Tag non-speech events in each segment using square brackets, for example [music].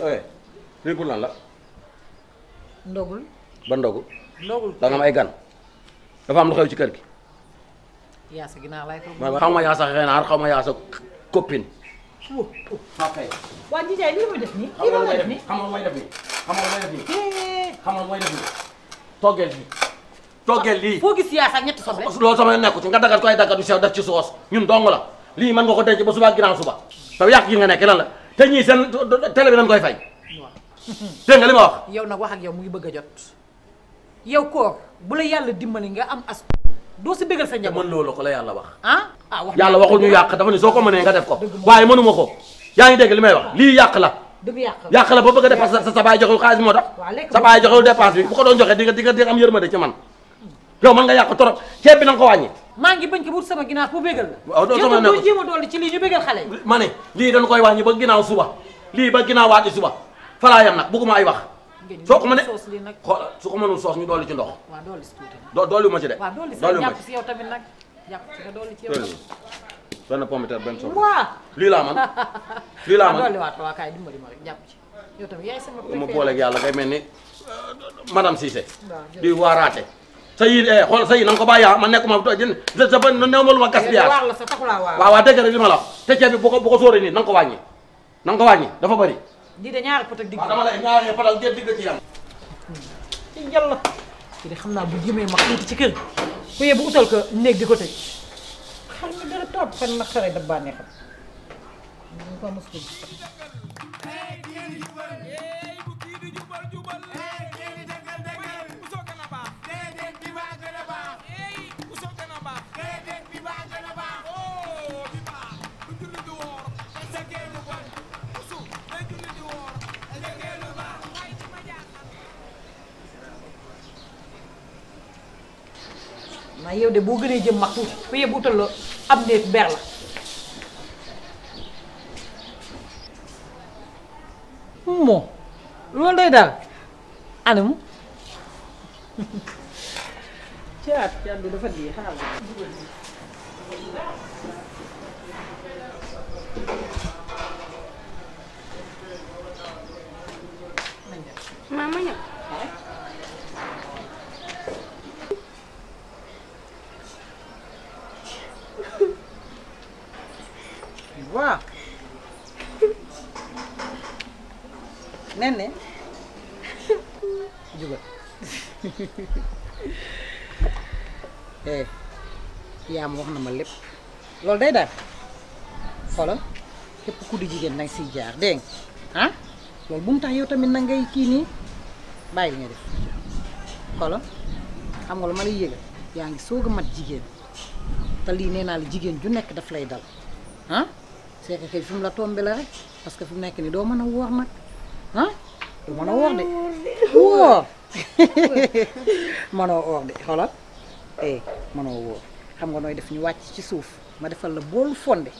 waaye eh, lii pour lan la. ndogul. ba ndogu. ndogul da nga am ay gan. dafa am lu xew ci kër gi. yaasa ginnaaw lay toog. xaw ma yaasa xeenaar xaw ma yaasa copine. waaw kay. waa Ndiaye lii ma def nii. lii ma def nii xamal mooy def nii xamal mooy def nii. xamal mooy def nii Togel fii. Togel li. foo gis yaasa ak ñetti soble. loolu sama nekku ci nga dagat ko ay dagat yu sew def ci soos ñun dong la Li mën nga ko denc ba suba ak ginnaaw suba. te yàq gi nga nekk lan la. te ñii seen télé bi nañ koy fay. dégg nga li ma wax. yaw na wax ak yow mu ngi bëgg a jot yow koor bu la yàlla dimbali nga am as doo si bëggal sa njaboot. mën ko la yàlla wax. ah, ah wax yàlla waxul ñu yàq dafa ni soo ko mënee nga def ko waaye mënuma ko yaa ngi dégg li may wax lii yàq la. dëgg yàq la ba bëgg a sa sa baay joxewul xaalis moo tax. sa baay joxewul dépasse bi bu ko doon joxe di nga di nga am yërmande ci man yow mën nga yàq torop ceeb bi na ko wàññi maa ngi bañ ko wut sama ginaar pour bégal la. waaw sama nekk jéem a dolli ci lii ñu bégal xale yi. ma ne lii dañu koy wàññi ba ginnaaw suba lii ba ginnaaw waati suba yam nag bëgguma ay wax. soo ko ma xoolal su ko mënul soos ñu dolli ci ndox. waaw dolli si tuuti nag. dolli ma ci de. waaw dolli si nag jàpp si yow tamit nag jàpp si nga dolli ci yow tamit. benn pomme de terre benn soos. lii laa man [laughs] lii laa man waaw dolliwaat waaw kaay dimbali ma rek jàpp ci yow tamit yaay ma booleeg yàlla kay mel ni madame Cissé di waaraate sa yi eh xool sa yi na nga ko bàyyi ah man ba ma lu ma gas bi ah waaw waaw dégg nga li ma la te ceeb bi bu ko bu ko sóoree nii na ko wàññi na dafa bëri di da ñaari pot ak digg dama lay ñaari hmm. de xam naa bu jëmee ma tuuti ci kër bu yee bu utal ko néeg di ko tëj xam nga dara toog fan na xare da bànnee xam man yow de boo gënee jëm mag tuuti fu yëpp utal la am néeg ber la moom loolu day daal anam caat caat bi dafa dee xaaral ya juga [laughs] eh ya ma wax na ma lépp loolu day daal xoolal képp ku di jigen nang siy jaar dégg nga ah loolu bu mu tax yow tamit na ngay kii nii bàyyi li nga iya, def xoolal xam nga lu ma lay yëgal yaa ngi mat jigen, te lii nee la ju daf lay dal ah c'est que fum la tombé la rek parce que fi mu nekk nii doo ah du mën a woor de. woor mënoo woor de xoolal eh mënoo woor xam nga nooy def ñu wàcc ci suuf ma defal la boolu fonde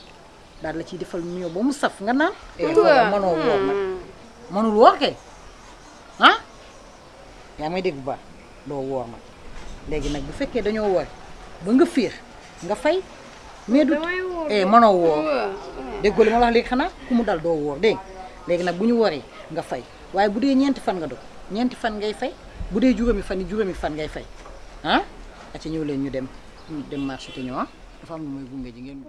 daal la ciy defal mio ba mu saf nga naan. eh xoolal mënoo woor nag mënul woor kay ah yaa may dégg bu doo woor nag léegi nag bu fekkee dañoo woor ba nga fiir nga fay. mais du eh mënoo woor déggoo li ma wax léegi xanaa ku mu dal doo woor dégg léegi nag bu ñu wooree nga fay. waaye bu dee ñeenti fan nga dog ñeenti fan ngay fay bu dee juróomi fan yi juróomi fan ngay fay ah aca ñëw leen ñu dem dem marché te ñëw ah, dafa am lu mooy gunge ji ngeen